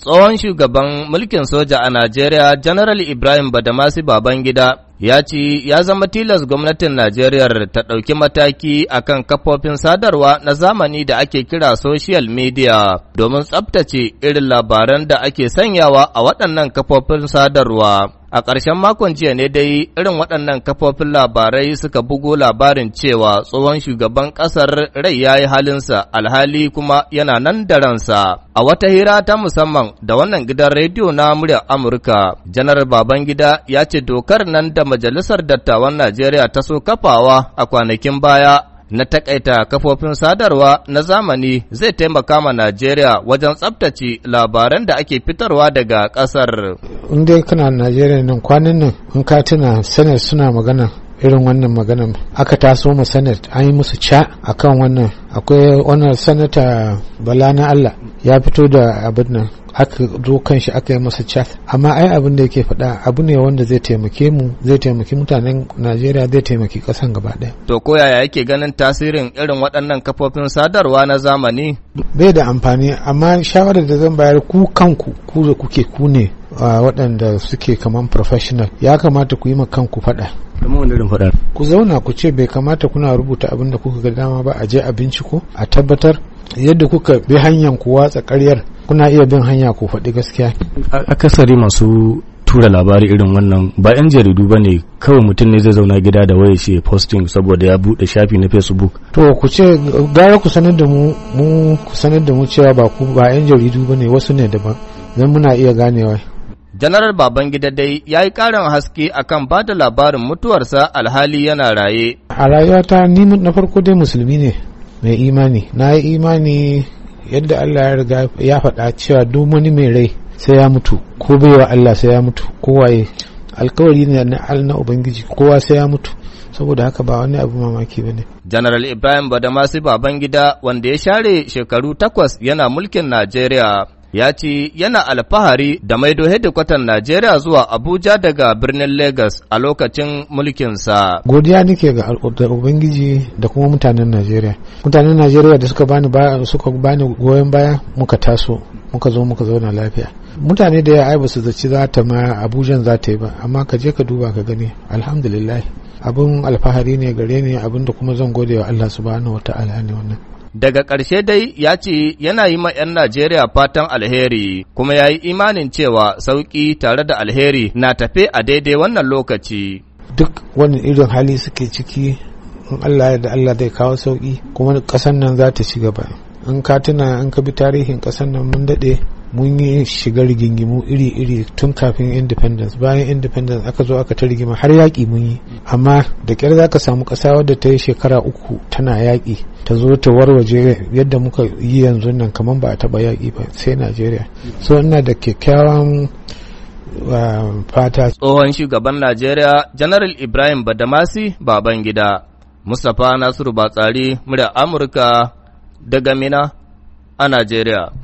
Tsohon shugaban mulkin soja a Najeriya, General Ibrahim Badamasi Babangida, ya ce ya zama tilas gwamnatin Najeriya ta ɗauki mataki akan kafofin sadarwa na zamani da ake kira social media domin tsabtace irin labaran da ake sanyawa a waɗannan kafofin sadarwa. A ƙarshen makon jiya ne dai irin waɗannan kafofin labarai suka bugo labarin cewa tsohon shugaban ƙasar rai ya yi halinsa alhali kuma yana nan da ransa. A wata hira ta musamman da wannan gidan rediyo na muryar Amurka, Janar Babangida ya ce dokar nan da Majalisar Dattawan Najeriya ta so kafawa a kwanakin baya na takaita kafofin sadarwa na zamani zai taimaka ma Najeriya wajen tsabtace labaran da ake fitarwa daga kasar In dai kana Najeriya nan kwanan nan in ka tuna sanar suna magana irin wannan magana aka taso mu senate an yi musu ca akan wannan akwai wannan sanata bala na allah ya fito da abin nan aka zo kan shi aka yi masa chat amma ai abin da yake faɗa abu ne wanda zai taimake mu zai taimaki mutanen najeriya zai taimaki ƙasan gaba ɗaya to ko yaya yake ganin tasirin irin waɗannan kafofin sadarwa na zamani bai da amfani amma shawarar da zan bayar ku kanku ku da kuke ku ne waɗanda suke kaman professional ya kamata ku yi ma kanku faɗa ku zauna ku ce bai kamata kuna rubuta abin da kuka ga dama ba a je a binciko a tabbatar yadda kuka bi hanyar ku watsa karyar kuna iya bin hanya ku faɗi gaskiya akasari masu tura labari irin wannan ba 'yan jaridu ba ne kawai mutum ne zai zauna gida da waya shi posting saboda ya buɗe shafi na facebook to ku ce gara ku sanar da mu mu ku sanar da mu cewa ba ku ba 'yan jaridu ba ne wasu ne daban zan muna iya ganewa Janaral Babangida dai ya yi ƙarin haske akan ba da labarin mutuwarsa alhali yana raye. A rayuwata ni na farko dai musulmi ne mai imani. Na yi imani yadda Allah ya ya faɗa cewa duk mai rai sai ya mutu ko baiwa Allah sai ya mutu ko waye alkawari ne na na Ubangiji kowa sai ya mutu saboda haka ba wani abu mamaki ba ne. General Ibrahim Badamasi Babangida wanda ya share shekaru takwas yana mulkin Najeriya ya ce yana alfahari da maido hedikwatar Najeriya zuwa Abuja daga birnin Legas a lokacin mulkinsa. Godiya nake ga Ubangiji da kuma mutanen Najeriya. Mutanen Najeriya da suka bani goyon baya muka taso muka zo muka zauna lafiya. Mutane da ya ai basu zaci za ta ma Abuja za ta yi ba amma ka je ka duba ka gani alhamdulillah abin alfahari ne gare ni abin da kuma zan gode wa Allah subhanahu wataala ne wannan. Daga ƙarshe dai ya ce yana yi ma 'yan Najeriya fatan alheri kuma ya yi imanin cewa sauƙi tare da alheri na tafe a daidai wannan lokaci. Duk wani irin hali suke ciki in Allah ya da Allah zai kawo sauƙi kuma ƙasar nan za ta ci gaba. In ka tuna in ka bi tarihin ƙasar nan mun daɗe mun yi shiga rigingimu iri-iri tun kafin independence bayan independence aka zo aka ta rigima har yaƙi mun yi amma da ƙyar za ka samu ƙasa wadda ta yi shekara uku tana yaƙi ta zo ta warwaje yadda muka yi yanzu nan kamar ba a taɓa yaƙi ba sai najeriya so ina da kyakkyawan um, fata tsohon shugaban najeriya janaral ibrahim badamasi baban gida mustapha nasiru batsari murya amurka daga mina a najeriya